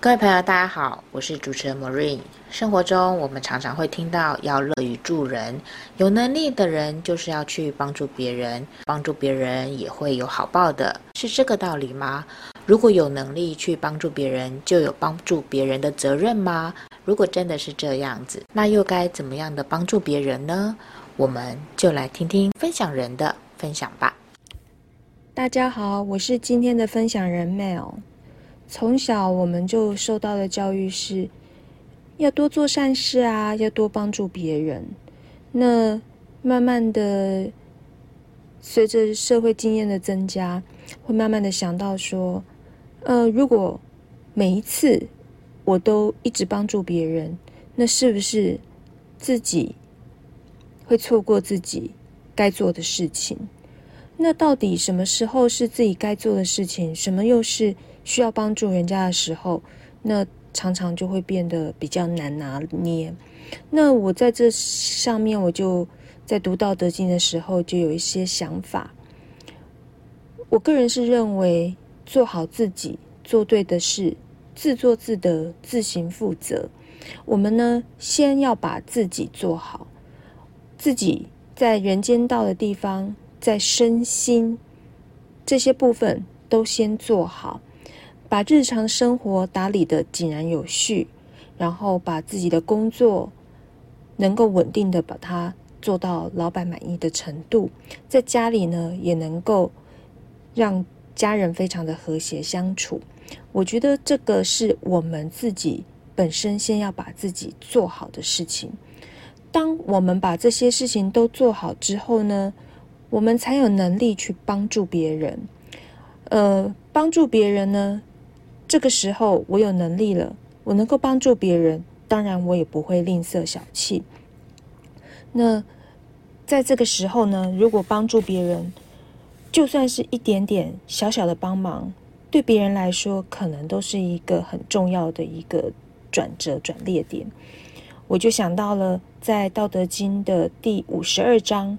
各位朋友，大家好，我是主持人 Marine。生活中，我們常常會聽到要樂於助人，有能力的人就是要去幫助別人，幫助別人也會有好報的，是這個道理嗎？如果有能力去幫助別人，就有幫助別人的責任嗎？如果真的是這樣子，那又該怎麼樣的幫助別人呢？我們就來聽聽分享人的分享吧。大家好，我是今天的分享人 Mel。從小我們就受到的教育是，要多做善事啊，要多幫助別人。那慢慢的，隨着社會經驗的增加，會慢慢的想到說，呃，如果每一次我都一直幫助別人，那是不是自己會錯過自己該做的事情？那到底什麼時候是自己該做的事情？什麼又是？需要幫助人家的時候，那常常就會變得比較難拿捏。那我在這上面，我就在讀《道德經》的時候，就有一些想法。我個人是認為，做好自己，做對的事，自作自得，自行負責。我們呢，先要把自己做好，自己在人間道的地方，在身心這些部分都先做好。把日常生活打理得井然有序，然後把自己的工作能夠穩定地把它做到老闆滿意的程度，在家裡呢也能夠讓家人非常的和諧相處。我覺得這個是我們自己本身先要把自己做好的事情。當我們把這些事情都做好之後呢，我們才有能力去幫助別人。呃，幫助別人呢。這個時候，我有能力了，我能夠幫助別人，當然我也不會吝嗇小氣。那在這個時候呢，如果幫助別人，就算是一點點小小的幫忙，對別人來說可能都是一個很重要的一個轉折轉捩點。我就想到了在《道德經》的第五十二章，“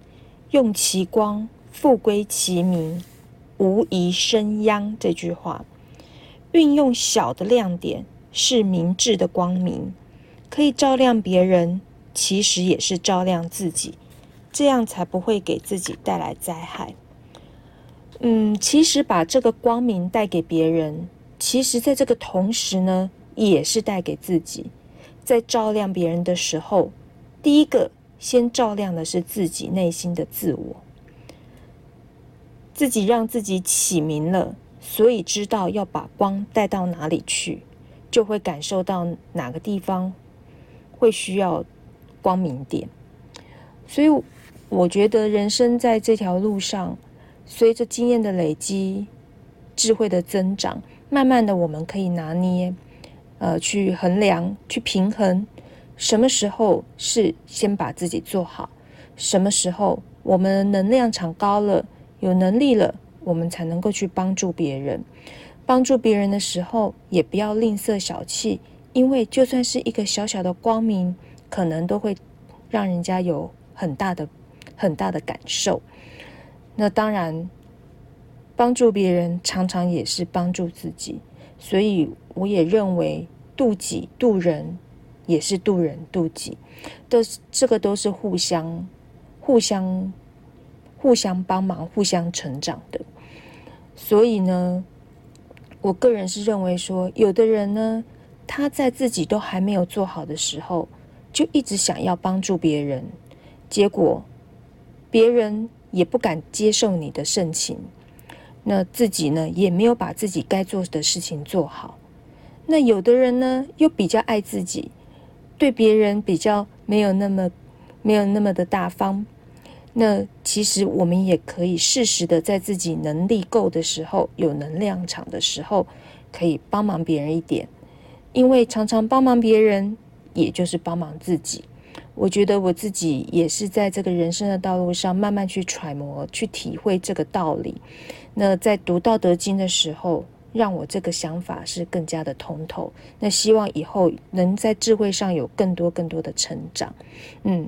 用其光，復歸其明，無遺身殃”這句話。運用小的亮點是明智的光明，可以照亮別人，其實也是照亮自己，這樣才不會給自己帶來災害。嗯，其實把這個光明帶給別人，其實在這個同時呢，也是帶給自己。在照亮別人的時候，第一個先照亮的是自己內心的自我，自己讓自己啟明了。所以知道要把光帶到哪裡去，就會感受到哪個地方會需要光明點。所以我覺得人生在這條路上，隨着經驗的累積、智慧的增長，慢慢的我們可以拿捏，呃，去衡量、去平衡，什麼時候是先把自己做好，什麼時候我們能量場高了、有能力了。我們才能夠去幫助別人，幫助別人的時候也不要吝嗇小氣，因為就算是一個小小的光明，可能都會讓人家有很大的、很大的感受。那當然，幫助別人常常也是幫助自己，所以我也認為渡己渡人也是渡人渡己，都是這個都是互相互相、互相幫忙、互相成長的。所以呢，我個人是認為說，有的人呢，他在自己都還沒有做好的時候，就一直想要幫助別人，結果別人也不敢接受你的盛情，那自己呢，也沒有把自己該做的事情做好。那有的人呢，又比較愛自己，對別人比較沒有那麼，沒有那麼的大方。那其實我們也可以適時的，在自己能力夠的時候，有能量場的時候，可以幫忙別人一點，因為常常幫忙別人，也就是幫忙自己。我覺得我自己也是在這個人生的道路上，慢慢去揣摩、去體會這個道理。那在讀《道德經》的時候，讓我這個想法是更加的通透。那希望以後能在智慧上有更多、更多的成長。嗯。